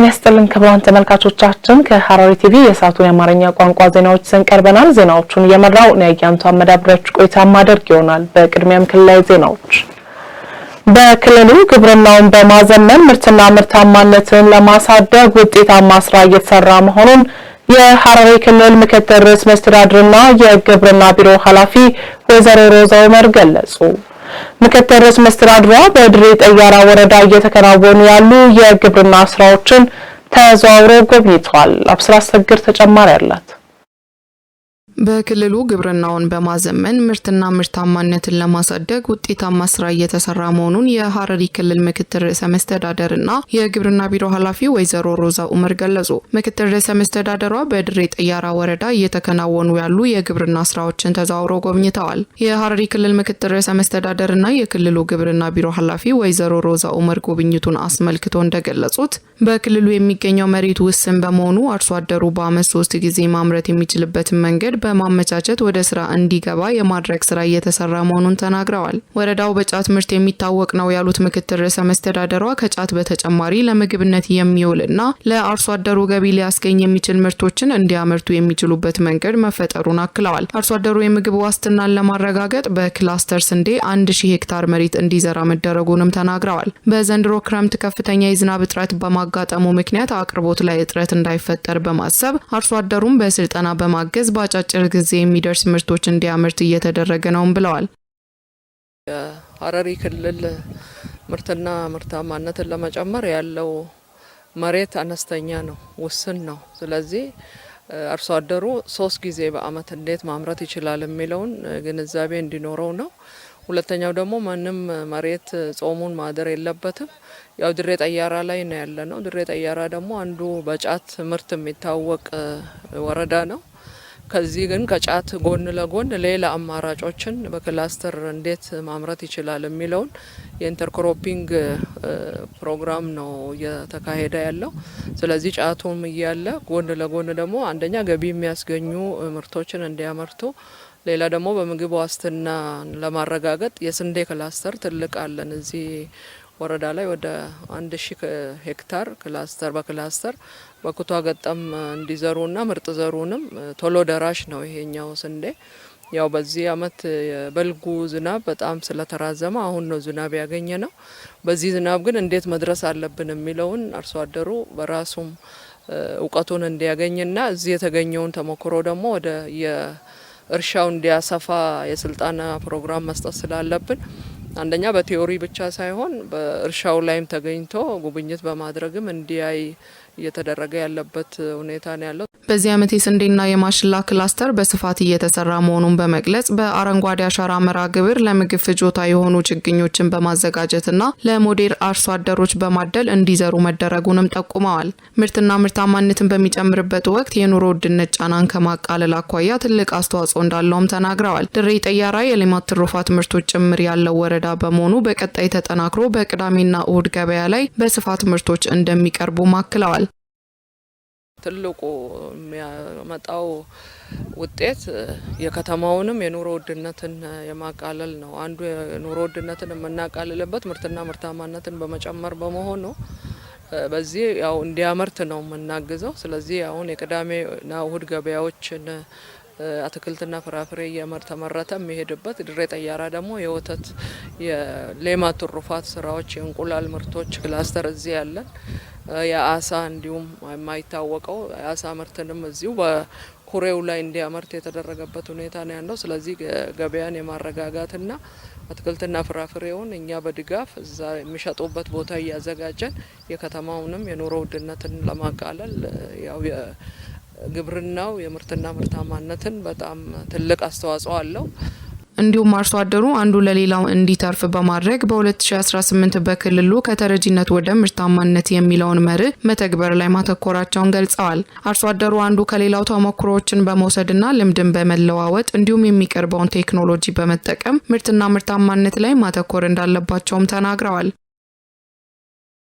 ጤና ይስጥልን ክቡራን ተመልካቾቻችን፣ ከሐረሪ ቲቪ የሰዓቱን የአማርኛ ቋንቋ ዜናዎች ይዘን ቀርበናል። ዜናዎቹን እየመራው ነያጊያንቱ አመዳብሪያችሁ ቆይታ ማደርግ ይሆናል። በቅድሚያም ክልላዊ ዜናዎች። በክልሉ ግብርናውን በማዘመን ምርትና ምርታማነትን ለማሳደግ ውጤታማ ስራ እየተሰራ መሆኑን የሐረሪ ክልል ምክትል ርዕሰ መስተዳድርና የግብርና ቢሮ ኃላፊ ወይዘሮ ሮዛ ዑመር ገለጹ። ምክትል ርዕሰ መስተዳድሯ በድሬ ጠያራ ወረዳ እየተከናወኑ ያሉ የግብርና ስራዎችን ተዘዋውሮ ጎብኝተዋል። አብስራ አሰግድ ተጨማሪ አላት። በክልሉ ግብርናውን በማዘመን ምርትና ምርታማነትን ለማሳደግ ውጤታማ ስራ እየተሰራ መሆኑን የሐረሪ ክልል ምክትል ርዕሰ መስተዳደርና የግብርና ቢሮ ኃላፊ ወይዘሮ ሮዛ ኡመር ገለጹ። ምክትል ርዕሰ መስተዳደሯ በድሬ ጠያራ ወረዳ እየተከናወኑ ያሉ የግብርና ስራዎችን ተዘዋውረው ጎብኝተዋል። የሐረሪ ክልል ምክትል ርዕሰ መስተዳደርና የክልሉ ግብርና ቢሮ ኃላፊ ወይዘሮ ሮዛ ኡመር ጉብኝቱን አስመልክቶ እንደገለጹት በክልሉ የሚገኘው መሬት ውስን በመሆኑ አርሶ አደሩ በአመት ሶስት ጊዜ ማምረት የሚችልበትን መንገድ በ በማመቻቸት ወደ ስራ እንዲገባ የማድረግ ስራ እየተሰራ መሆኑን ተናግረዋል። ወረዳው በጫት ምርት የሚታወቅ ነው ያሉት ምክትል ርዕሰ መስተዳደሯ ከጫት በተጨማሪ ለምግብነት የሚውልና ለአርሶ አደሩ ገቢ ሊያስገኝ የሚችል ምርቶችን እንዲያመርቱ የሚችሉበት መንገድ መፈጠሩን አክለዋል። አርሶ አደሩ የምግብ ዋስትናን ለማረጋገጥ በክላስተር ስንዴ አንድ ሺህ ሄክታር መሬት እንዲዘራ መደረጉንም ተናግረዋል። በዘንድሮ ክረምት ከፍተኛ የዝናብ እጥረት በማጋጠሙ ምክንያት አቅርቦት ላይ እጥረት እንዳይፈጠር በማሰብ አርሶ አደሩም በስልጠና በማገዝ በአጫጭ በአጭር ጊዜ የሚደርስ ምርቶች እንዲያመርት እየተደረገ ነውም ብለዋል። የሀረሪ ክልል ምርትና ምርታማነትን ለመጨመር ያለው መሬት አነስተኛ ነው፣ ውስን ነው። ስለዚህ አርሶ አደሩ ሶስት ጊዜ በአመት እንዴት ማምረት ይችላል የሚለውን ግንዛቤ እንዲኖረው ነው። ሁለተኛው ደግሞ ማንም መሬት ጾሙን ማደር የለበትም። ያው ድሬ ጠያራ ላይ ነው ያለ ነው። ድሬ ጠያራ ደግሞ አንዱ በጫት ምርት የሚታወቅ ወረዳ ነው። ከዚህ ግን ከጫት ጎን ለጎን ሌላ አማራጮችን በክላስተር እንዴት ማምረት ይችላል የሚለውን የኢንተርክሮፒንግ ፕሮግራም ነው እየተካሄደ ያለው። ስለዚህ ጫቱም እያለ ጎን ለጎን ደግሞ አንደኛ ገቢ የሚያስገኙ ምርቶችን እንዲያመርቱ ሌላ ደግሞ በምግብ ዋስትና ለማረጋገጥ የስንዴ ክላስተር ትልቅ አለን እዚህ ወረዳ ላይ ወደ አንድ ሺህ ሄክታር ክላስተር በክላስተር በኩታ ገጠም እንዲዘሩና ምርጥ ዘሩንም ቶሎ ደራሽ ነው ይሄኛው ስንዴ። ያው በዚህ አመት በልጉ ዝናብ በጣም ስለተራዘመ አሁን ነው ዝናብ ያገኘ ነው። በዚህ ዝናብ ግን እንዴት መድረስ አለብን የሚለውን አርሶ አደሩ በራሱም እውቀቱን እንዲያገኝና እዚህ የተገኘውን ተሞክሮ ደግሞ ወደ የእርሻው እንዲያሰፋ የስልጠና ፕሮግራም መስጠት ስላለብን አንደኛ በቴዎሪ ብቻ ሳይሆን በእርሻው ላይም ተገኝቶ ጉብኝት በማድረግም እንዲያይ እየተደረገ ያለበት ሁኔታ ነው ያለው። በዚህ ዓመት የስንዴና የማሽላ ክላስተር በስፋት እየተሰራ መሆኑን በመግለጽ በአረንጓዴ አሻራ መርሃ ግብር ለምግብ ፍጆታ የሆኑ ችግኞችን በማዘጋጀትና ለሞዴል አርሶ አደሮች በማደል እንዲዘሩ መደረጉንም ጠቁመዋል። ምርትና ምርታማነትን በሚጨምርበት ወቅት የኑሮ ውድነት ጫናን ከማቃለል አኳያ ትልቅ አስተዋጽኦ እንዳለውም ተናግረዋል። ድሬ ጠያራ የሌማት ትሩፋት ምርቶች ጭምር ያለው ወረዳ በመሆኑ በቀጣይ ተጠናክሮ በቅዳሜና እሁድ ገበያ ላይ በስፋት ምርቶች እንደሚቀርቡ ማክለዋል። ትልቁ የሚያመጣው ውጤት የከተማውንም የኑሮ ውድነትን የማቃለል ነው። አንዱ የኑሮ ውድነትን የምናቃልልበት ምርትና ምርታማነትን በመጨመር በመሆኑ በዚህ ያው እንዲያመርት ነው የምናግዘው። ስለዚህ አሁን የቅዳሜና እሁድ ገበያዎችን አትክልትና ፍራፍሬ እየተመረተ የሚሄድበት ድሬ ጠያራ ደግሞ የወተት የሌማት ትሩፋት ስራዎች፣ የእንቁላል ምርቶች ክላስተር እዚህ ያለን የአሳ እንዲሁም የማይታወቀው የአሳ ምርትንም እዚሁ በኩሬው ላይ እንዲያመርት የተደረገበት ሁኔታ ነው ያለው። ስለዚህ ገበያን የማረጋጋትና አትክልትና ፍራፍሬውን እኛ በድጋፍ እዛ የሚሸጡበት ቦታ እያዘጋጀን የከተማውንም የኑሮ ውድነትን ለማቃለል ያው ግብርናው የምርትና ምርታማነትን በጣም ትልቅ አስተዋጽኦ አለው። እንዲሁም አርሶ አደሩ አንዱ ለሌላው እንዲተርፍ በማድረግ በ2018 በክልሉ ከተረጂነት ወደ ምርታማነት የሚለውን መርህ መተግበር ላይ ማተኮራቸውን ገልጸዋል። አርሶ አደሩ አንዱ ከሌላው ተሞክሮዎችን በመውሰድና ልምድን በመለዋወጥ እንዲሁም የሚቀርበውን ቴክኖሎጂ በመጠቀም ምርትና ምርታማነት ላይ ማተኮር እንዳለባቸውም ተናግረዋል።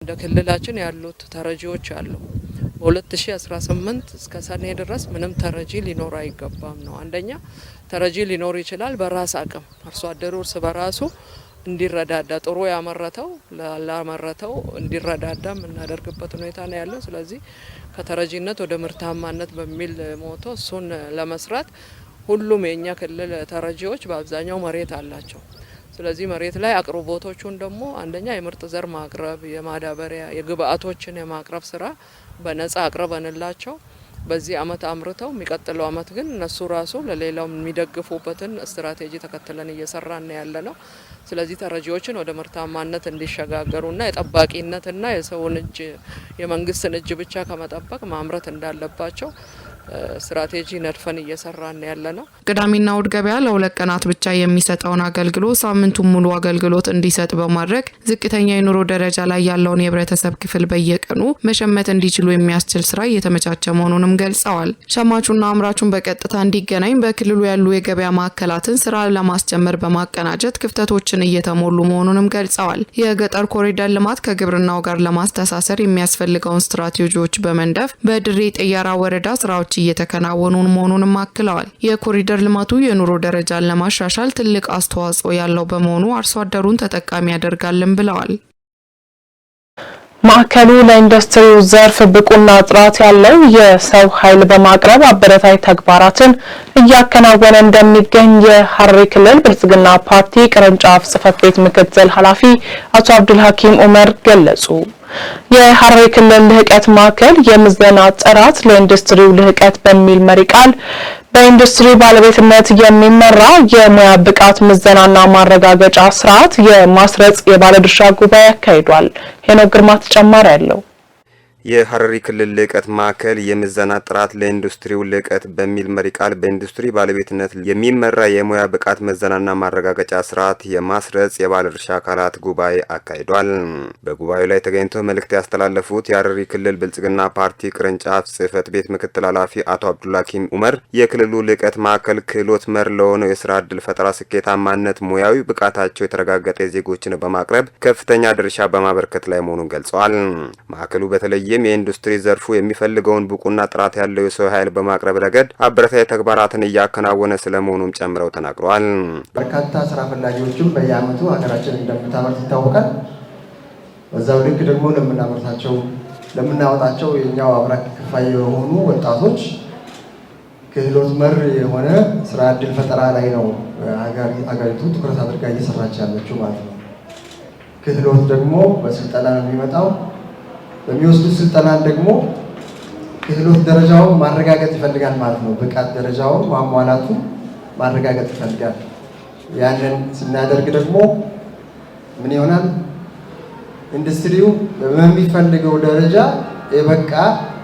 እንደ ክልላችን ያሉት ተረጂዎች አሉ። በ2018 እስከ ሰኔ ድረስ ምንም ተረጂ ሊኖር አይገባም ነው። አንደኛ ተረጂ ሊኖር ይችላል በራስ አቅም አርሶ አደሩ እርስ በራሱ እንዲረዳዳ ጥሩ ያመረተው ላመረተው እንዲረዳዳ የምናደርግበት ሁኔታ ነው ያለው። ስለዚህ ከተረጂነት ወደ ምርታማነት በሚል ሞቶ እሱን ለመስራት ሁሉም የእኛ ክልል ተረጂዎች በአብዛኛው መሬት አላቸው። ስለዚህ መሬት ላይ አቅርቦቶቹን ደግሞ አንደኛ የምርጥ ዘር ማቅረብ፣ የማዳበሪያ የግብአቶችን የማቅረብ ስራ በነጻ አቅርበንላቸው በዚህ አመት አምርተው የሚቀጥለው አመት ግን እነሱ ራሱ ለሌላው የሚደግፉበትን ስትራቴጂ ተከትለን እየሰራን ያለ ነው። ስለዚህ ተረጂዎችን ወደ ምርታማነት እንዲሸጋገሩና የጠባቂነትና የሰውን እጅ የመንግስትን እጅ ብቻ ከመጠበቅ ማምረት እንዳለባቸው ስትራቴጂ ነድፈን እየሰራን ያለ ነው። ቅዳሜና እሁድ ገበያ ለሁለት ቀናት ብቻ የሚሰጠውን አገልግሎት ሳምንቱን ሙሉ አገልግሎት እንዲሰጥ በማድረግ ዝቅተኛ የኑሮ ደረጃ ላይ ያለውን የህብረተሰብ ክፍል በየቀኑ መሸመት እንዲችሉ የሚያስችል ስራ እየተመቻቸ መሆኑንም ገልጸዋል። ሸማቹና አምራቹን በቀጥታ እንዲገናኝ በክልሉ ያሉ የገበያ ማዕከላትን ስራ ለማስጀመር በማቀናጀት ክፍተቶችን እየተሞሉ መሆኑንም ገልጸዋል። የገጠር ኮሪደር ልማት ከግብርናው ጋር ለማስተሳሰር የሚያስፈልገውን ስትራቴጂዎች በመንደፍ በድሬ ጠያራ ወረዳ ስራዎች እየተከናወኑ መሆኑንም አክለዋል። የኮሪደር ልማቱ የኑሮ ደረጃን ለማሻሻል ትልቅ አስተዋጽኦ ያለው በመሆኑ አርሶ አደሩን ተጠቃሚ ያደርጋልን ብለዋል። ማዕከሉ ለኢንዱስትሪው ዘርፍ ብቁና ጥራት ያለው የሰው ኃይል በማቅረብ አበረታይ ተግባራትን እያከናወነ እንደሚገኝ የሐረሪ ክልል ብልጽግና ፓርቲ ቅርንጫፍ ጽህፈት ቤት ምክትል ኃላፊ አቶ አብዱል ሀኪም ኡመር ገለጹ። የሐረሪ ክልል ልህቀት ማዕከል የምዘና ጥራት ለኢንዱስትሪው ልህቀት በሚል መሪ ቃል በኢንዱስትሪ ባለቤትነት የሚመራ የሙያ ብቃት ምዘናና ማረጋገጫ ስርዓት የማስረጽ የባለድርሻ ጉባኤ አካሂዷል። ሄኖክ ግርማ ተጨማሪ አለው። የሐረሪ ክልል ልዕቀት ማዕከል የምዘና ጥራት ለኢንዱስትሪው ልዕቀት በሚል መሪ ቃል በኢንዱስትሪ ባለቤትነት የሚመራ የሙያ ብቃት ምዘናና ማረጋገጫ ስርዓት የማስረጽ የባለድርሻ አካላት ጉባኤ አካሂዷል። በጉባኤው ላይ ተገኝቶ መልእክት ያስተላለፉት የሐረሪ ክልል ብልጽግና ፓርቲ ቅርንጫፍ ጽህፈት ቤት ምክትል ኃላፊ አቶ አብዱላኪም ኡመር የክልሉ ልዕቀት ማዕከል ክህሎት መር ለሆነው የስራ ዕድል ፈጠራ ስኬታማነት ሙያዊ ብቃታቸው የተረጋገጠ ዜጎችን በማቅረብ ከፍተኛ ድርሻ በማበርከት ላይ መሆኑን ገልጸዋል። ማዕከሉ በተለየ በተለይም የኢንዱስትሪ ዘርፉ የሚፈልገውን ብቁና ጥራት ያለው የሰው ኃይል በማቅረብ ረገድ አበረታዊ ተግባራትን እያከናወነ ስለመሆኑም ጨምረው ተናግረዋል። በርካታ ስራ ፈላጊዎችም በየአመቱ ሀገራችን እንደምታመርት ይታወቃል። በዛው ልክ ደግሞ ለምናመርታቸው ለምናወጣቸው የኛው አብራክ ክፋይ የሆኑ ወጣቶች ክህሎት መር የሆነ ስራ እድል ፈጠራ ላይ ነው አገሪቱ ትኩረት አድርጋ እየሰራች ያለችው ማለት ነው። ክህሎት ደግሞ በስልጠና ነው የሚመጣው። በሚወስዱት ስልጠናን ደግሞ ክህሎት ደረጃውን ማረጋገጥ ይፈልጋል ማለት ነው። ብቃት ደረጃውን ማሟላቱ ማረጋገጥ ይፈልጋል። ያንን ስናደርግ ደግሞ ምን ይሆናል? ኢንዱስትሪው በሚፈልገው ደረጃ የበቃ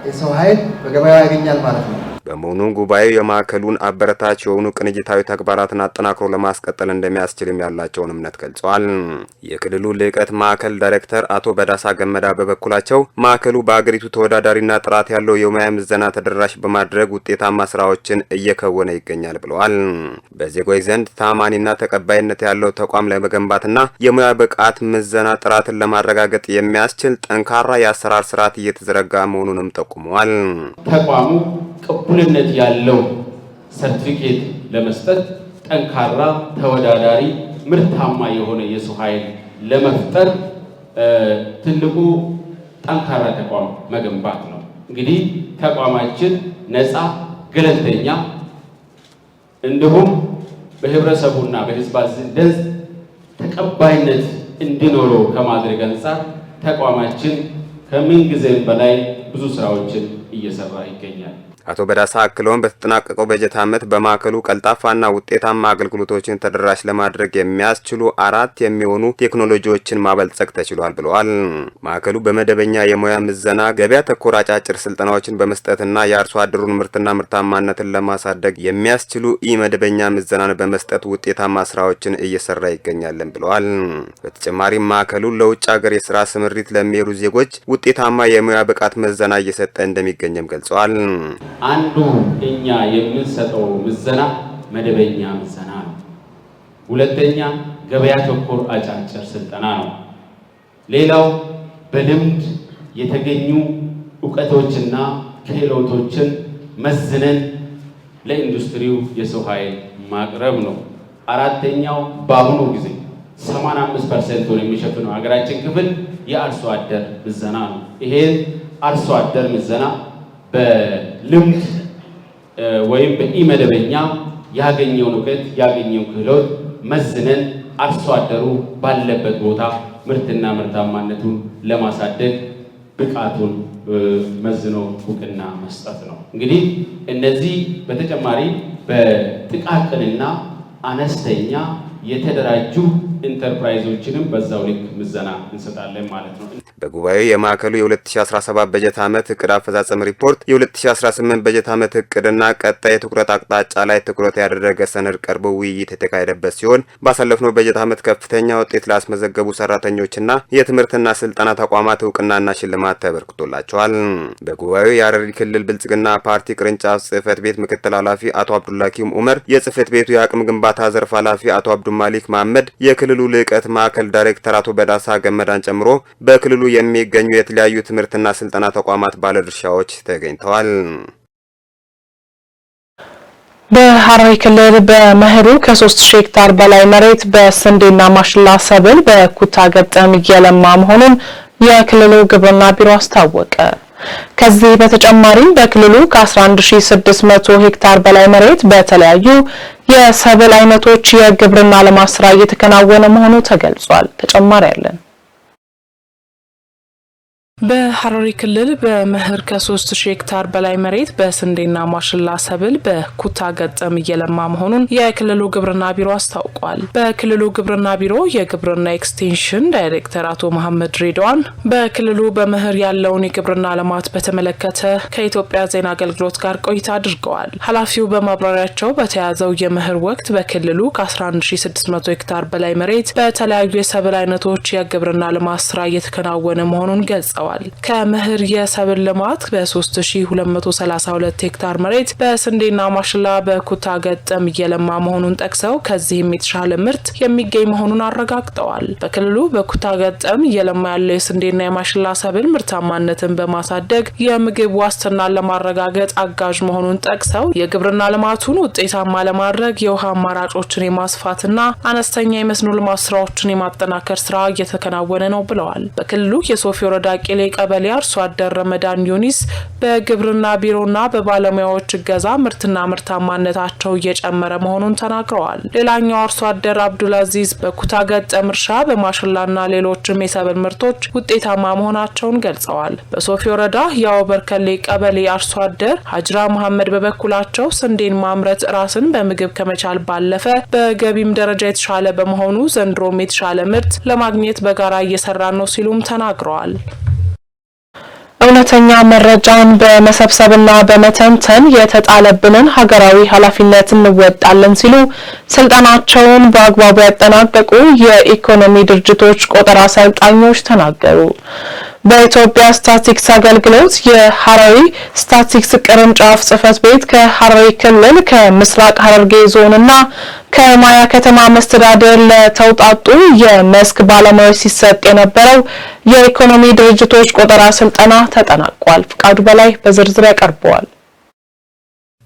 የሰው ኃይል በገበያ ያገኛል ማለት ነው። በመሆኑም ጉባኤው የማዕከሉን አበረታች የሆኑ ቅንጅታዊ ተግባራትን አጠናክሮ ለማስቀጠል እንደሚያስችልም ያላቸውን እምነት ገልጸዋል። የክልሉ ልዕቀት ማዕከል ዳይሬክተር አቶ በዳሳ ገመዳ በበኩላቸው ማዕከሉ በአገሪቱ ተወዳዳሪና ጥራት ያለው የሙያ ምዘና ተደራሽ በማድረግ ውጤታማ ስራዎችን እየከወነ ይገኛል ብለዋል። በዜጎች ዘንድ ታማኒና ተቀባይነት ያለው ተቋም ለመገንባትና የሙያ ብቃት ምዘና ጥራትን ለማረጋገጥ የሚያስችል ጠንካራ የአሰራር ስርዓት እየተዘረጋ መሆኑንም ጠቁመዋል። ተቋሙ እኩልነት ያለው ሰርቲፊኬት ለመስጠት ጠንካራ ተወዳዳሪ ምርታማ የሆነ የሰው ኃይል ለመፍጠር ትልቁ ጠንካራ ተቋም መገንባት ነው። እንግዲህ ተቋማችን ነፃ፣ ገለልተኛ እንዲሁም በህብረተሰቡና በህዝባችን ዘንድ ተቀባይነት እንዲኖረው ከማድረግ አንጻር ተቋማችን ከምን በላይ ብዙ ስራዎችን እየሰራ ይገኛል። አቶ በዳሳ አክለውን በተጠናቀቀው በጀት ዓመት በማዕከሉ ቀልጣፋና ውጤታማ አገልግሎቶችን ተደራሽ ለማድረግ የሚያስችሉ አራት የሚሆኑ ቴክኖሎጂዎችን ማበልጸግ ተችሏል ብለዋል። ማዕከሉ በመደበኛ የሙያ ምዘና፣ ገበያ ተኮር አጫጭር ስልጠናዎችን በመስጠትና የአርሶ አደሩን ምርትና ምርታማነትን ለማሳደግ የሚያስችሉ ኢመደበኛ ምዘናን በመስጠት ውጤታማ ስራዎችን እየሰራ ይገኛለን ብለዋል። በተጨማሪም ማዕከሉ ለውጭ ሀገር የስራ ስምሪት ለሚሄዱ ዜጎች ውጤታማ የሙያ ብቃት ምዘና እየሰጠ እንደሚገኝም ገልጸዋል። አንዱ እኛ የምንሰጠው ምዘና መደበኛ ምዘና ነው። ሁለተኛ ገበያ ተኮር አጫጭር ስልጠና ነው። ሌላው በልምድ የተገኙ እውቀቶችና ክህሎቶችን መዝነን ለኢንዱስትሪው የሰው ኃይል ማቅረብ ነው። አራተኛው በአሁኑ ጊዜ 85 ፐርሰንቱን የሚሸፍነው ሀገራችን ክፍል የአርሶ አደር ምዘና ነው። ይሄን አርሶ አደር ምዘና ልምድ ወይም በኢመደበኛ ያገኘውን እውቀት ያገኘውን ክህሎት መዝነን አርሶ አደሩ ባለበት ቦታ ምርትና ምርታማነቱን ለማሳደግ ብቃቱን መዝኖ እውቅና መስጠት ነው። እንግዲህ እነዚህ በተጨማሪ በጥቃቅንና አነስተኛ የተደራጁ ኢንተርፕራይዞችንም በዛው ልክ ምዘና እንሰጣለን ማለት ነው። በጉባኤው የማዕከሉ የ2017 በጀት ዓመት እቅድ አፈጻጸም ሪፖርት፣ የ2018 በጀት ዓመት እቅድና ቀጣይ የትኩረት አቅጣጫ ላይ ትኩረት ያደረገ ሰነድ ቀርቦ ውይይት የተካሄደበት ሲሆን ባሳለፍነው በጀት ዓመት ከፍተኛ ውጤት ላስመዘገቡ ሰራተኞችና የትምህርትና ስልጠና ተቋማት እውቅናና ሽልማት ተበርክቶላቸዋል። በጉባኤው የሀረሪ ክልል ብልጽግና ፓርቲ ቅርንጫፍ ጽህፈት ቤት ምክትል ኃላፊ አቶ አብዱላኪም ኡመር፣ የጽህፈት ቤቱ የአቅም ግንባታ ዘርፍ ኃላፊ አቶ አብዱ ማሊክ መሐመድ፣ የክልሉ ልዕቀት ማዕከል ዳይሬክተር አቶ በዳሳ ገመዳን ጨምሮ በክልሉ የሚገኙ የተለያዩ ትምህርትና ስልጠና ተቋማት ባለድርሻዎች ተገኝተዋል። በሐረሪ ክልል በመኸሩ ከ3000 ሄክታር በላይ መሬት በስንዴና ማሽላ ሰብል በኩታ ገጠም እየለማ መሆኑን የክልሉ ግብርና ቢሮ አስታወቀ። ከዚህ በተጨማሪም በክልሉ ከ11600 ሄክታር በላይ መሬት በተለያዩ የሰብል አይነቶች የግብርና ልማት ስራ እየተከናወነ መሆኑ ተገልጿል። ተጨማሪ አለን። በሐረሪ ክልል በመኸር ከ3000 ሄክታር በላይ መሬት በስንዴና ማሽላ ሰብል በኩታ ገጠም እየለማ መሆኑን የክልሉ ግብርና ቢሮ አስታውቋል። በክልሉ ግብርና ቢሮ የግብርና ኤክስቴንሽን ዳይሬክተር አቶ መሐመድ ሬድዋን በክልሉ በመኸር ያለውን የግብርና ልማት በተመለከተ ከኢትዮጵያ ዜና አገልግሎት ጋር ቆይታ አድርገዋል። ኃላፊው በማብራሪያቸው በተያዘው የመኸር ወቅት በክልሉ ከ11600 ሄክታር በላይ መሬት በተለያዩ የሰብል አይነቶች የግብርና ልማት ስራ እየተከናወነ መሆኑን ገልጸዋል። ተናግረዋል። ከምህር የሰብል ልማት በ3232 ሄክታር መሬት በስንዴና ማሽላ በኩታ ገጠም እየለማ መሆኑን ጠቅሰው ከዚህም የተሻለ ምርት የሚገኝ መሆኑን አረጋግጠዋል። በክልሉ በኩታ ገጠም እየለማ ያለው የስንዴና የማሽላ ሰብል ምርታማነትን በማሳደግ የምግብ ዋስትናን ለማረጋገጥ አጋዥ መሆኑን ጠቅሰው የግብርና ልማቱን ውጤታማ ለማድረግ የውሃ አማራጮችን የማስፋትና አነስተኛ የመስኖ ልማት ስራዎችን የማጠናከር ስራ እየተከናወነ ነው ብለዋል። በክልሉ የሶፊ ወረዳ በመቀሌ ቀበሌ አርሶ አደር ረመዳን ዩኒስ በግብርና ቢሮና በባለሙያዎች እገዛ ምርትና ምርታማነታቸው እየጨመረ መሆኑን ተናግረዋል። ሌላኛው አርሶ አደር አብዱልአዚዝ በኩታ ገጠም እርሻ በማሽላና ሌሎችም የሰብል ምርቶች ውጤታማ መሆናቸውን ገልጸዋል። በሶፊ ወረዳ የአወበርከሌ ቀበሌ አርሶ አደር ሀጅራ መሐመድ በበኩላቸው ስንዴን ማምረት ራስን በምግብ ከመቻል ባለፈ በገቢም ደረጃ የተሻለ በመሆኑ ዘንድሮም የተሻለ ምርት ለማግኘት በጋራ እየሰራ ነው ሲሉም ተናግረዋል። እውነተኛ መረጃን በመሰብሰብና በመተንተን የተጣለብንን ሀገራዊ ኃላፊነት እንወጣለን ሲሉ ስልጠናቸውን በአግባቡ ያጠናቀቁ የኢኮኖሚ ድርጅቶች ቆጠራ አሰልጣኞች ተናገሩ። በኢትዮጵያ ስታቲክስ አገልግሎት የሀረሪ ስታቲክስ ቅርንጫፍ ጽህፈት ቤት ከሀረሪ ክልል ከምስራቅ ሀረርጌ ዞንና ከማያ ከተማ መስተዳደር ለተውጣጡ የመስክ ባለሙያዎች ሲሰጥ የነበረው የኢኮኖሚ ድርጅቶች ቆጠራ ስልጠና ተጠናቋል። ፍቃዱ በላይ በዝርዝር ያቀርበዋል።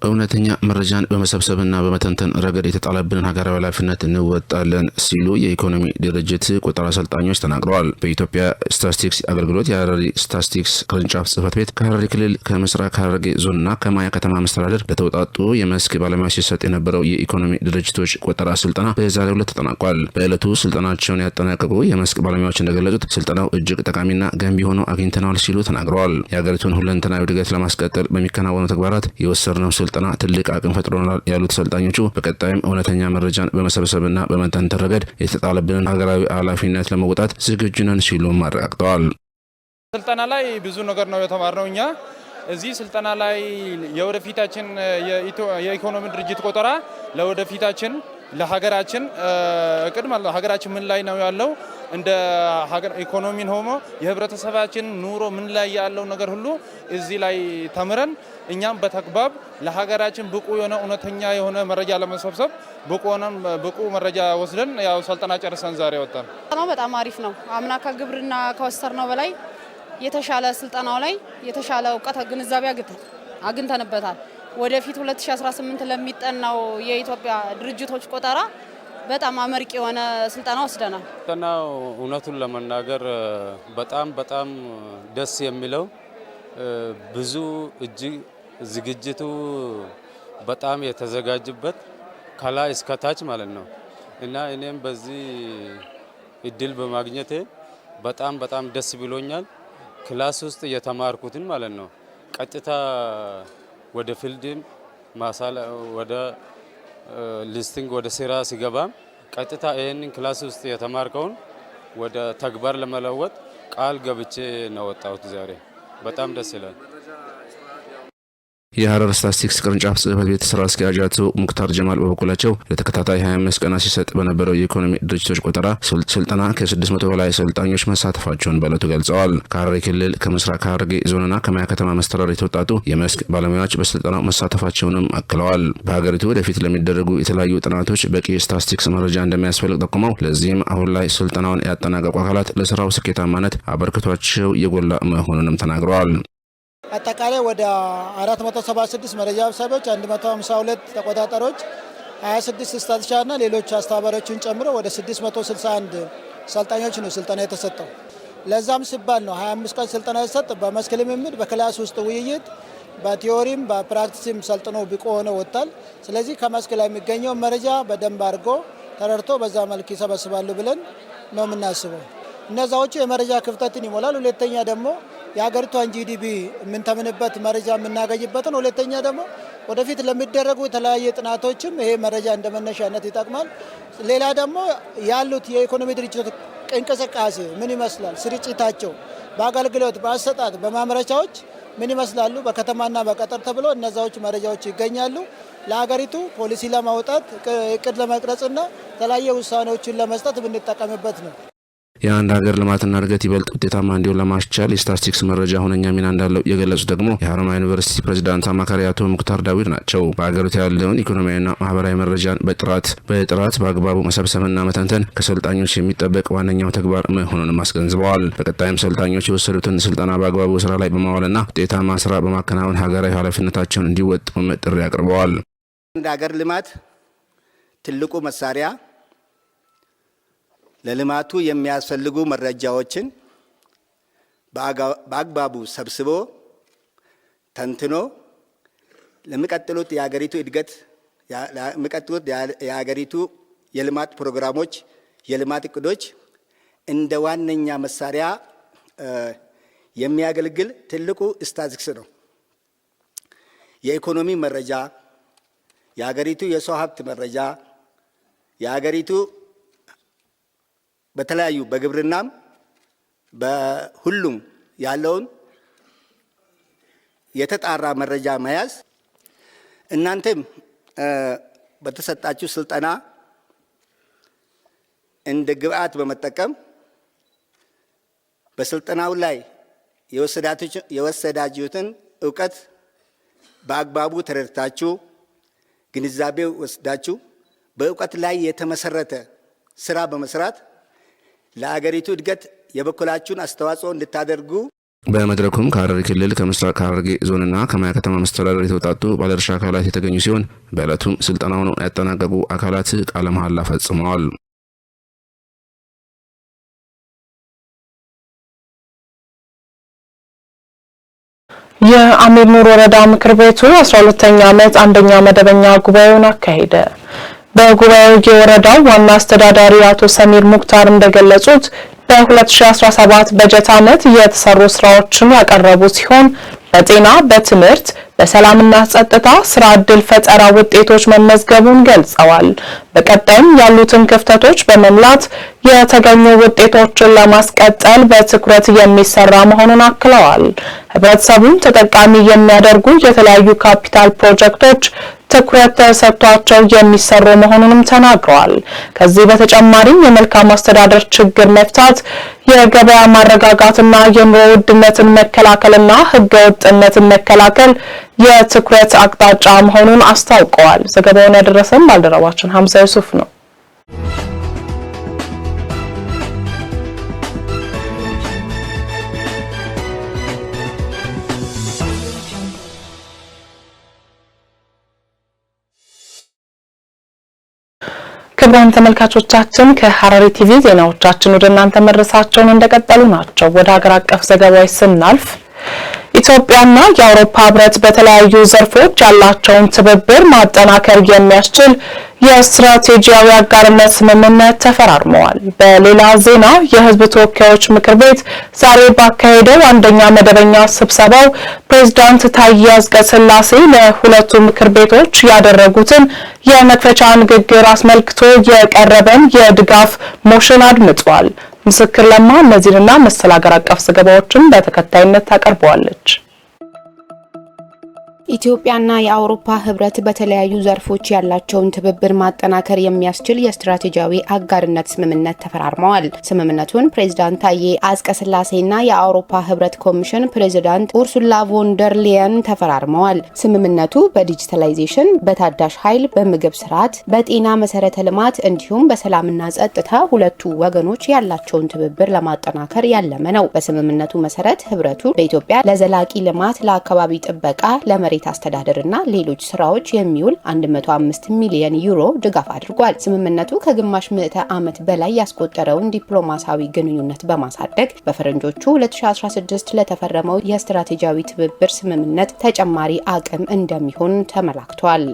እውነተኛ መረጃን በመሰብሰብና በመተንተን ረገድ የተጣለብንን ሀገራዊ ኃላፊነት እንወጣለን ሲሉ የኢኮኖሚ ድርጅት ቁጠራ አሰልጣኞች ተናግረዋል። በኢትዮጵያ ስታስቲክስ አገልግሎት የሀረሪ ስታስቲክስ ቅርንጫፍ ጽህፈት ቤት ከሀረሪ ክልል ከምስራቅ ሀረርጌ ዞንና ከማያ ከተማ መስተዳደር ለተውጣጡ የመስክ ባለሙያዎች ሲሰጥ የነበረው የኢኮኖሚ ድርጅቶች ቆጠራ ስልጠና በዛሬው ዕለት ተጠናቋል። በዕለቱ ስልጠናቸውን ያጠናቀቁ የመስክ ባለሙያዎች እንደገለጹት ስልጠናው እጅግ ጠቃሚና ገንቢ ሆኖ አግኝተናል ሲሉ ተናግረዋል። የሀገሪቱን ሁለንተናዊ እድገት ለማስቀጠል በሚከናወኑ ተግባራት የወሰድነው ስልጠና ትልቅ አቅም ፈጥሮናል ያሉት ሰልጣኞቹ በቀጣይም እውነተኛ መረጃን በመሰብሰብና በመተንተን ረገድ የተጣለብንን ሀገራዊ ኃላፊነት ለመወጣት ዝግጁ ነን ሲሉም አረጋግጠዋል። ስልጠና ላይ ብዙ ነገር ነው የተማርነው እኛ እዚህ ስልጠና ላይ የወደፊታችን የኢኮኖሚ ድርጅት ቆጠራ ለወደፊታችን ለሀገራችን እቅድ ማለት ሀገራችን ምን ላይ ነው ያለው እንደ ሀገር ኢኮኖሚን ሆኖ የህብረተሰባችን ኑሮ ምን ላይ ያለው ነገር ሁሉ እዚህ ላይ ተምረን እኛም በተግባብ ለሀገራችን ብቁ የሆነ እውነተኛ የሆነ መረጃ ለመሰብሰብ ብቁ ሆነን ብቁ መረጃ ወስደን ያው ሰልጠና ጨርሰን ዛሬ ወጣን። ስልጠናው በጣም አሪፍ ነው። አምና ከግብርና ነው በላይ የተሻለ ስልጠናው ላይ የተሻለ እውቀት ግንዛቤ አግኝተንበታል። ወደፊት 2018 ለሚጠናው የኢትዮጵያ ድርጅቶች ቆጠራ በጣም አመርቂ የሆነ ስልጠና ወስደናል። ስልጠናው እውነቱን ለመናገር በጣም በጣም ደስ የሚለው ብዙ እጅግ ዝግጅቱ በጣም የተዘጋጅበት ከላይ እስከታች ማለት ነው እና እኔም በዚህ እድል በማግኘቴ በጣም በጣም ደስ ብሎኛል። ክላስ ውስጥ የተማርኩትን ማለት ነው ቀጥታ ወደ ፊልድም ወደ ሊስቲንግ ወደ ስራ ሲገባም ቀጥታ ይህንን ክላስ ውስጥ የተማርከውን ወደ ተግባር ለመለወጥ ቃል ገብቼ ነው ወጣሁት ዛሬ። በጣም ደስ ይላል። የሀረር ስታስቲክስ ቅርንጫፍ ጽህፈት ቤት ስራ አስኪያጅ አቶ ሙክታር ጀማል በበኩላቸው ለተከታታይ 25 ቀናት ሲሰጥ በነበረው የኢኮኖሚ ድርጅቶች ቆጠራ ስልጠና ከ600 በላይ ሰልጣኞች መሳተፋቸውን በእለቱ ገልጸዋል። ከሀረሪ ክልል ከምስራቅ ሐረርጌ ዞንና ከማያ ከተማ መስተዳደር የተወጣጡ የመስክ ባለሙያዎች በስልጠናው መሳተፋቸውንም አክለዋል። በሀገሪቱ ወደፊት ለሚደረጉ የተለያዩ ጥናቶች በቂ ስታቲስቲክስ መረጃ እንደሚያስፈልግ ጠቁመው ለዚህም አሁን ላይ ስልጠናውን ያጠናቀቁ አካላት ለስራው ስኬታማነት አበርክቷቸው የጎላ መሆኑንም ተናግረዋል። አጠቃላይ ወደ 476 መረጃ ሰቢዎች፣ 152 ተቆጣጣሪዎች፣ 26 ስታትሻ እና ሌሎች አስተባባሪዎችን ጨምሮ ወደ 661 ሰልጣኞች ነው ስልጠና የተሰጠው። ለዛም ሲባል ነው 25 ቀን ስልጠና የተሰጥ በመስክ ልምምድ፣ በክላስ ውስጥ ውይይት፣ በቲዮሪም በፕራክቲስም ሰልጥኖ ብቁ ሆነ ወጥታል። ስለዚህ ከመስክ ላይ የሚገኘው መረጃ በደንብ አድርጎ ተረድቶ በዛ መልክ ይሰበስባሉ ብለን ነው የምናስበው። እነዛዎቹ የመረጃ ክፍተትን ይሞላል። ሁለተኛ ደግሞ የሀገሪቷን ጂዲፒ የምንተምንበት መረጃ የምናገኝበትን፣ ሁለተኛ ደግሞ ወደፊት ለሚደረጉ የተለያየ ጥናቶችም ይሄ መረጃ እንደ መነሻነት ይጠቅማል። ሌላ ደግሞ ያሉት የኢኮኖሚ ድርጅቶች እንቅስቃሴ ምን ይመስላል፣ ስርጭታቸው በአገልግሎት በአሰጣጥ በማምረቻዎች ምን ይመስላሉ በከተማና በቀጠር ተብሎ እነዛዎች መረጃዎች ይገኛሉ። ለሀገሪቱ ፖሊሲ ለማውጣት እቅድ ለመቅረጽና የተለያየ ውሳኔዎችን ለመስጠት የምንጠቀምበት ነው። የአንድ ሀገር ልማትና እድገት ይበልጥ ውጤታማ እንዲሆን ለማስቻል የስታትስቲክስ መረጃ ሁነኛ ሚና እንዳለው የገለጹት ደግሞ የሀረማያ ዩኒቨርሲቲ ፕሬዚዳንት አማካሪ አቶ ሙክታር ዳዊድ ናቸው። በሀገሪቱ ያለውን ኢኮኖሚያዊና ማህበራዊ መረጃን በጥራት በጥራት በአግባቡ መሰብሰብና መተንተን ከሰልጣኞች የሚጠበቅ ዋነኛው ተግባር መሆኑንም አስገንዝበዋል። በቀጣይም ሰልጣኞች የወሰዱትን ስልጠና በአግባቡ ስራ ላይ በማዋልና ውጤታማ ስራ በማከናወን ሀገራዊ ኃላፊነታቸውን እንዲወጡም ጥሪ አቅርበዋል። እንደ ሀገር ልማት ትልቁ መሳሪያ ለልማቱ የሚያስፈልጉ መረጃዎችን በአግባቡ ሰብስቦ ተንትኖ ለሚቀጥሉት የአገሪቱ እድገት ሚቀጥሉት የሀገሪቱ የልማት ፕሮግራሞች፣ የልማት እቅዶች እንደ ዋነኛ መሳሪያ የሚያገለግል ትልቁ ስታዚክስ ነው። የኢኮኖሚ መረጃ፣ የሀገሪቱ የሰው ሀብት መረጃ፣ የአገሪቱ በተለያዩ በግብርናም በሁሉም ያለውን የተጣራ መረጃ መያዝ እናንተም በተሰጣችሁ ስልጠና እንደ ግብአት በመጠቀም በስልጠናው ላይ የወሰዳችሁትን እውቀት በአግባቡ ተረድታችሁ ግንዛቤ ወስዳችሁ በእውቀት ላይ የተመሰረተ ስራ በመስራት ለአገሪቱ እድገት የበኩላችሁን አስተዋጽኦ እንድታደርጉ በመድረኩም ከሐረሪ ክልል ከምስራቅ ሐረርጌ ዞንና ከማያ ከተማ መስተዳደር የተውጣጡ ባለድርሻ አካላት የተገኙ ሲሆን በዕለቱም ስልጠናውን ያጠናቀቁ አካላት ቃለ መሐላ ፈጽመዋል። የአሚር ኑር ወረዳ ምክር ቤቱ 12ኛ ዓመት አንደኛ መደበኛ ጉባኤውን አካሄደ። በጉባኤው የወረዳው ዋና አስተዳዳሪ አቶ ሰሚር ሙክታር እንደገለጹት በ2017 በጀት ዓመት የተሰሩ ስራዎችን ያቀረቡ ሲሆን በጤና፣ በትምህርት፣ በሰላምና ጸጥታ ስራ እድል ፈጠራ ውጤቶች መመዝገቡን ገልጸዋል። በቀጣይም ያሉትን ክፍተቶች በመምላት የተገኙ ውጤቶችን ለማስቀጠል በትኩረት የሚሰራ መሆኑን አክለዋል። ህብረተሰቡን ተጠቃሚ የሚያደርጉ የተለያዩ ካፒታል ፕሮጀክቶች ትኩረት ተሰጥቷቸው የሚሰሩ መሆኑንም ተናግረዋል። ከዚህ በተጨማሪም የመልካም አስተዳደር ችግር መፍታት፣ የገበያ ማረጋጋትና የኑሮ ውድነትን መከላከልና ህገ ወጥነትን መከላከል የትኩረት አቅጣጫ መሆኑን አስታውቀዋል። ዘገባውን ያደረሰን ባልደረባችን ሀምሳ ዩሱፍ ነው። ክቡራን ተመልካቾቻችን ከሐረሪ ቲቪ ዜናዎቻችን ወደ እናንተ መድረሳቸውን እንደቀጠሉ ናቸው። ወደ ሀገር አቀፍ ዘገባዎች ስናልፍ ኢትዮጵያና የአውሮፓ ህብረት በተለያዩ ዘርፎች ያላቸውን ትብብር ማጠናከር የሚያስችል የስትራቴጂያዊ አጋርነት ስምምነት ተፈራርመዋል። በሌላ ዜና የህዝብ ተወካዮች ምክር ቤት ዛሬ ባካሄደው አንደኛ መደበኛ ስብሰባው ፕሬዝዳንት ታዬ አጽቀሥላሴ ለሁለቱ ምክር ቤቶች ያደረጉትን የመክፈቻ ንግግር አስመልክቶ የቀረበን የድጋፍ ሞሽን አድምጧል። ምስክር ለማ እነዚህንና መሰል ሀገር አቀፍ ዘገባዎችን በተከታይነት ታቀርበዋለች። ኢትዮጵያና የአውሮፓ ህብረት በተለያዩ ዘርፎች ያላቸውን ትብብር ማጠናከር የሚያስችል የስትራቴጂያዊ አጋርነት ስምምነት ተፈራርመዋል። ስምምነቱን ፕሬዚዳንት ታዬ አጽቀሥላሴና የአውሮፓ ህብረት ኮሚሽን ፕሬዚዳንት ኡርሱላ ቮንደርሊየን ተፈራርመዋል። ስምምነቱ በዲጂታላይዜሽን፣ በታዳሽ ኃይል፣ በምግብ ስርዓት፣ በጤና መሰረተ ልማት እንዲሁም በሰላምና ጸጥታ ሁለቱ ወገኖች ያላቸውን ትብብር ለማጠናከር ያለመ ነው። በስምምነቱ መሰረት ህብረቱ በኢትዮጵያ ለዘላቂ ልማት፣ ለአካባቢ ጥበቃ፣ ለመሬት አስተዳደር አስተዳደርና ሌሎች ስራዎች የሚውል 105 ሚሊየን ዩሮ ድጋፍ አድርጓል። ስምምነቱ ከግማሽ ምዕተ ዓመት በላይ ያስቆጠረውን ዲፕሎማሲያዊ ግንኙነት በማሳደግ በፈረንጆቹ 2016 ለተፈረመው የስትራቴጂያዊ ትብብር ስምምነት ተጨማሪ አቅም እንደሚሆን ተመላክቷል።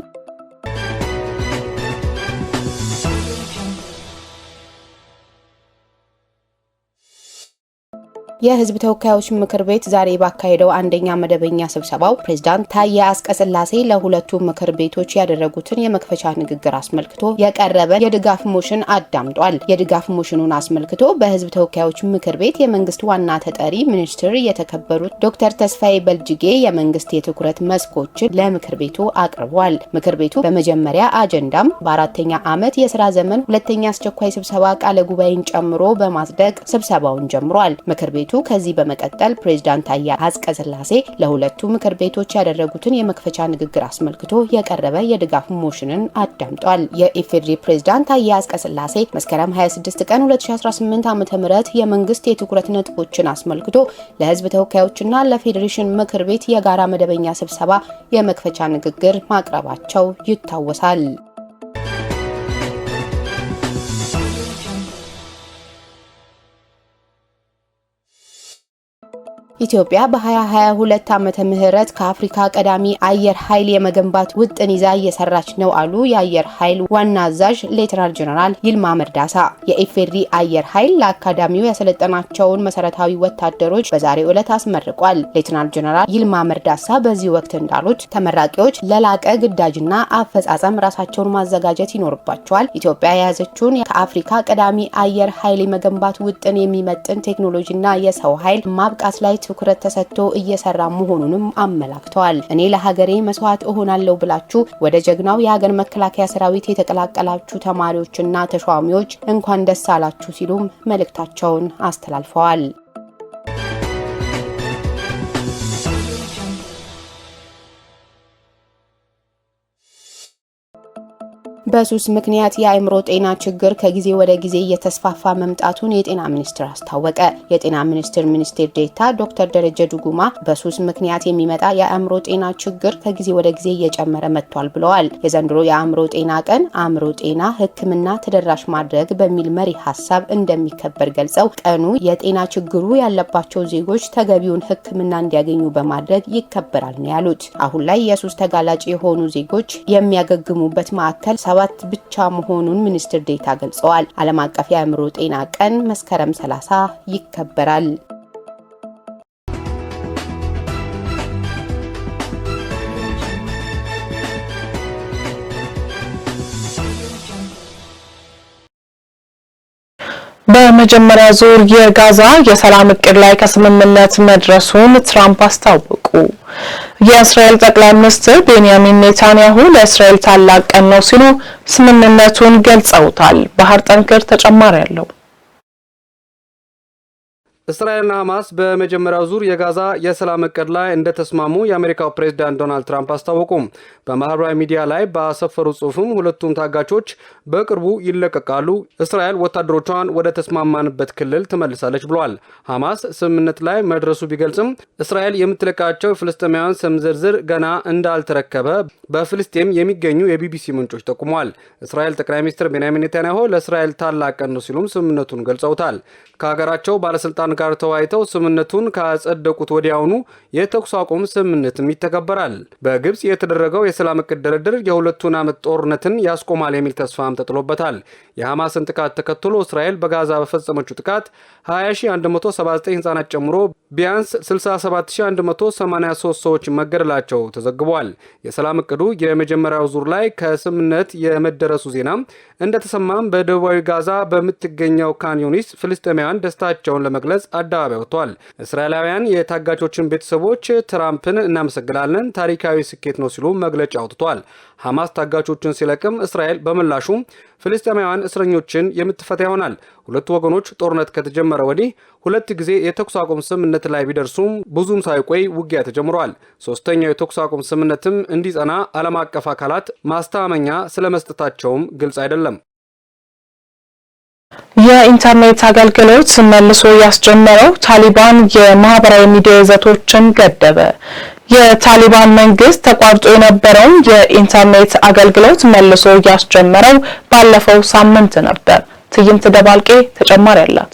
የህዝብ ተወካዮች ምክር ቤት ዛሬ ባካሄደው አንደኛ መደበኛ ስብሰባው ፕሬዝዳንት ታየ አስቀስላሴ ለሁለቱ ምክር ቤቶች ያደረጉትን የመክፈቻ ንግግር አስመልክቶ የቀረበ የድጋፍ ሞሽን አዳምጧል። የድጋፍ ሞሽኑን አስመልክቶ በህዝብ ተወካዮች ምክር ቤት የመንግስት ዋና ተጠሪ ሚኒስትር የተከበሩት ዶክተር ተስፋዬ በልጅጌ የመንግስት የትኩረት መስኮችን ለምክር ቤቱ አቅርቧል። ምክር ቤቱ በመጀመሪያ አጀንዳም በአራተኛ ዓመት የስራ ዘመን ሁለተኛ አስቸኳይ ስብሰባ ቃለ ጉባኤን ጨምሮ በማጽደቅ ስብሰባውን ጀምሯል። ምክር ቤቱ ከዚህ በመቀጠል ፕሬዚዳንት ታዬ አጽቀሥላሴ ለሁለቱ ምክር ቤቶች ያደረጉትን የመክፈቻ ንግግር አስመልክቶ የቀረበ የድጋፍ ሞሽንን አዳምጧል። የኢፌዴሪ ፕሬዚዳንት ታዬ አጽቀሥላሴ መስከረም 26 ቀን 2018 ዓ.ም የመንግስት የትኩረት ነጥቦችን አስመልክቶ ለህዝብ ተወካዮችና ለፌዴሬሽን ምክር ቤት የጋራ መደበኛ ስብሰባ የመክፈቻ ንግግር ማቅረባቸው ይታወሳል። ኢትዮጵያ በ2022 ዓመተ ምህረት ከአፍሪካ ቀዳሚ አየር ኃይል የመገንባት ውጥን ይዛ እየሰራች ነው አሉ የአየር ኃይል ዋና አዛዥ ሌተናል ጀነራል ይልማ መርዳሳ። የኢፌድሪ አየር ኃይል ለአካዳሚው ያሰለጠናቸውን መሰረታዊ ወታደሮች በዛሬው ዕለት አስመርቋል። ሌተናል ጀነራል ይልማ መርዳሳ በዚህ ወቅት እንዳሉት ተመራቂዎች ለላቀ ግዳጅና አፈጻጸም ራሳቸውን ማዘጋጀት ይኖርባቸዋል። ኢትዮጵያ የያዘችውን ከአፍሪካ ቀዳሚ አየር ኃይል የመገንባት ውጥን የሚመጥን ቴክኖሎጂና የሰው ኃይል ማብቃት ላይ ትኩረት ተሰጥቶ እየሰራ መሆኑንም አመላክተዋል። እኔ ለሀገሬ መስዋዕት እሆናለሁ ብላችሁ ወደ ጀግናው የሀገር መከላከያ ሰራዊት የተቀላቀላችሁ ተማሪዎችና ተሿሚዎች እንኳን ደስ አላችሁ ሲሉም መልእክታቸውን አስተላልፈዋል። በሱስ ምክንያት የአእምሮ ጤና ችግር ከጊዜ ወደ ጊዜ እየተስፋፋ መምጣቱን የጤና ሚኒስቴር አስታወቀ። የጤና ሚኒስቴር ሚኒስቴር ዴታ ዶክተር ደረጀ ዱጉማ በሱስ ምክንያት የሚመጣ የአእምሮ ጤና ችግር ከጊዜ ወደ ጊዜ እየጨመረ መጥቷል ብለዋል። የዘንድሮ የአእምሮ ጤና ቀን አእምሮ ጤና ሕክምና ተደራሽ ማድረግ በሚል መሪ ሀሳብ እንደሚከበር ገልጸው ቀኑ የጤና ችግሩ ያለባቸው ዜጎች ተገቢውን ሕክምና እንዲያገኙ በማድረግ ይከበራል ነው ያሉት። አሁን ላይ የሱስ ተጋላጭ የሆኑ ዜጎች የሚያገግሙበት ማዕከል ሰባ ሰባት ብቻ መሆኑን ሚኒስትር ዴታ ገልጸዋል። ዓለም አቀፍ የአእምሮ ጤና ቀን መስከረም 30 ይከበራል። በመጀመሪያ ዙር የጋዛ የሰላም እቅድ ላይ ከስምምነት መድረሱን ትራምፕ አስታወቁ። የእስራኤል ጠቅላይ ሚኒስትር ቤንያሚን ኔታንያሁ ለእስራኤል ታላቅ ቀን ነው ሲሉ ስምምነቱን ገልጸውታል። ባህር ጠንክር ተጨማሪ አለው። እስራኤልና ሐማስ በመጀመሪያው ዙር የጋዛ የሰላም እቅድ ላይ እንደተስማሙ የአሜሪካው ፕሬዚዳንት ዶናልድ ትራምፕ አስታወቁም። በማኅበራዊ ሚዲያ ላይ ባሰፈሩ ጽሑፍም ሁለቱም ታጋቾች በቅርቡ ይለቀቃሉ፣ እስራኤል ወታደሮቿን ወደ ተስማማንበት ክልል ትመልሳለች ብሏል። ሐማስ ስምምነት ላይ መድረሱ ቢገልጽም እስራኤል የምትለቃቸው የፍልስጤማውያን ስም ዝርዝር ገና እንዳልተረከበ በፍልስጤም የሚገኙ የቢቢሲ ምንጮች ጠቁመዋል። እስራኤል ጠቅላይ ሚኒስትር ቤንያሚን ኔታንያሁ ለእስራኤል ታላቅ ቀን ነው ሲሉም ስምምነቱን ገልጸውታል። ከሀገራቸው ባለስልጣን ጋር ተወያይተው ስምምነቱን ካጸደቁት ወዲያውኑ የተኩስ አቁም ስምምነትም ይተገበራል። በግብፅ የተደረገው የሰላም እቅድ ድርድር የሁለቱን ዓመት ጦርነትን ያስቆማል የሚል ተስፋም ተጥሎበታል። የሐማስን ጥቃት ተከትሎ እስራኤል በጋዛ በፈጸመችው ጥቃት 20179 ሕፃናት ጨምሮ ቢያንስ 67183 ሰዎች መገደላቸው ተዘግቧል። የሰላም እቅዱ የመጀመሪያው ዙር ላይ ከስምምነት የመደረሱ ዜናም እንደተሰማም በደቡባዊ ጋዛ በምትገኘው ካን ዩኒስ ፍልስጤማውያን ደስታቸውን ለመግለጽ በመግለጽ አደባባይ እስራኤላውያን የታጋቾችን ቤተሰቦች ትራምፕን እናመሰግናለን፣ ታሪካዊ ስኬት ነው ሲሉ መግለጫ አውጥቷል። ሐማስ ታጋቾችን ሲለቅም እስራኤል በምላሹ ፍልስጤማውያን እስረኞችን የምትፈታ ይሆናል። ሁለቱ ወገኖች ጦርነት ከተጀመረ ወዲህ ሁለት ጊዜ የተኩስ አቁም ስምምነት ላይ ቢደርሱም ብዙም ሳይቆይ ውጊያ ተጀምሯል። ሶስተኛው የተኩስ አቁም ስምምነትም እንዲጸና ዓለም አቀፍ አካላት ማስተማመኛ ስለመስጠታቸውም ግልጽ አይደለም። የኢንተርኔት አገልግሎት መልሶ ያስጀመረው ታሊባን የማህበራዊ ሚዲያ ይዘቶችን ገደበ። የታሊባን መንግስት ተቋርጦ የነበረውን የኢንተርኔት አገልግሎት መልሶ ያስጀመረው ባለፈው ሳምንት ነበር። ትዕይንት ደባልቄ ተጨማሪ አላት።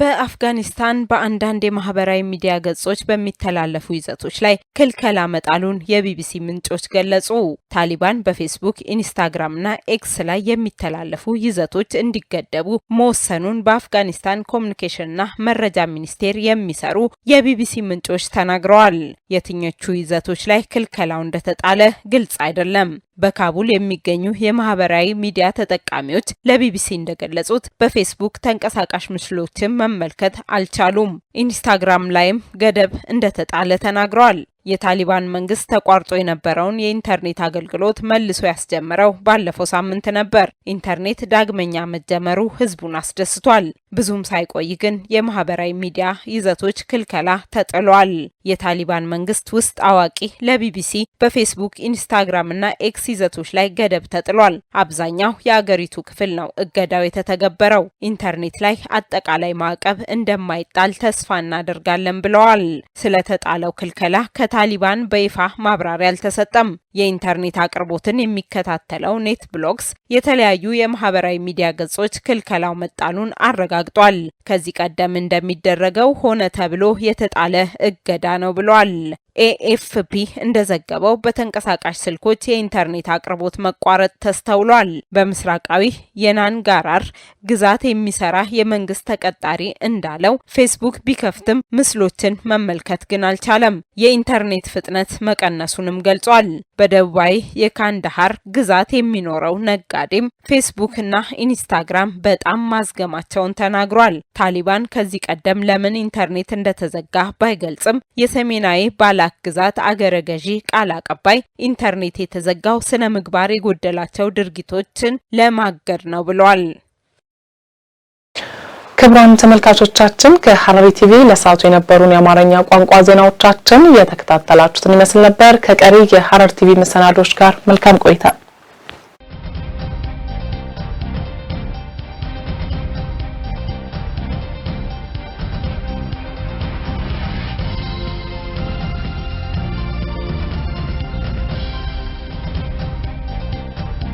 በአፍጋኒስታን በአንዳንድ የማህበራዊ ሚዲያ ገጾች በሚተላለፉ ይዘቶች ላይ ክልከላ መጣሉን የቢቢሲ ምንጮች ገለጹ። ታሊባን በፌስቡክ፣ ኢንስታግራም እና ኤክስ ላይ የሚተላለፉ ይዘቶች እንዲገደቡ መወሰኑን በአፍጋኒስታን ኮሚኒኬሽንና መረጃ ሚኒስቴር የሚሰሩ የቢቢሲ ምንጮች ተናግረዋል። የትኞቹ ይዘቶች ላይ ክልከላው እንደተጣለ ግልጽ አይደለም። በካቡል የሚገኙ የማህበራዊ ሚዲያ ተጠቃሚዎች ለቢቢሲ እንደገለጹት በፌስቡክ ተንቀሳቃሽ ምስሎችን መመልከት አልቻሉም። ኢንስታግራም ላይም ገደብ እንደተጣለ ተናግረዋል። የታሊባን መንግስት ተቋርጦ የነበረውን የኢንተርኔት አገልግሎት መልሶ ያስጀመረው ባለፈው ሳምንት ነበር። ኢንተርኔት ዳግመኛ መጀመሩ ህዝቡን አስደስቷል። ብዙም ሳይቆይ ግን የማህበራዊ ሚዲያ ይዘቶች ክልከላ ተጥሏል። የታሊባን መንግስት ውስጥ አዋቂ ለቢቢሲ በፌስቡክ ኢንስታግራም እና ኤክስ ይዘቶች ላይ ገደብ ተጥሏል። አብዛኛው የአገሪቱ ክፍል ነው እገዳው የተተገበረው። ኢንተርኔት ላይ አጠቃላይ ማዕቀብ እንደማይጣል ተስፋ እናደርጋለን ብለዋል። ስለተጣለው ክልከላ ከ ለታሊባን በይፋ ማብራሪያ አልተሰጠም። የኢንተርኔት አቅርቦትን የሚከታተለው ኔት ብሎክስ የተለያዩ የማህበራዊ ሚዲያ ገጾች ክልከላው መጣሉን አረጋግጧል። ከዚህ ቀደም እንደሚደረገው ሆነ ተብሎ የተጣለ እገዳ ነው ብሏል። ኤኤፍፒ እንደዘገበው በተንቀሳቃሽ ስልኮች የኢንተርኔት አቅርቦት መቋረጥ ተስተውሏል። በምስራቃዊ የናንጋራር ግዛት የሚሰራ የመንግስት ተቀጣሪ እንዳለው ፌስቡክ ቢከፍትም ምስሎችን መመልከት ግን አልቻለም። የኢንተርኔት ፍጥነት መቀነሱንም ገልጿል። በደቡባዊ የካንዳሃር ግዛት የሚኖረው ነጋዴም ፌስቡክና ኢንስታግራም በጣም ማዝገማቸውን ተናግሯል። ታሊባን ከዚህ ቀደም ለምን ኢንተርኔት እንደተዘጋ ባይገልጽም የሰሜናዊ ባላክ ግዛት አገረ ገዢ ቃል አቀባይ ኢንተርኔት የተዘጋው ስነ ምግባር የጎደላቸው ድርጊቶችን ለማገድ ነው ብሏል። ክቡራን ተመልካቾቻችን ከሐረሪ ቲቪ ለሰዓቱ የነበሩን የአማርኛ ቋንቋ ዜናዎቻችን የተከታተላችሁትን ይመስል ነበር። ከቀሪ የሐረሪ ቲቪ መሰናዶች ጋር መልካም ቆይታ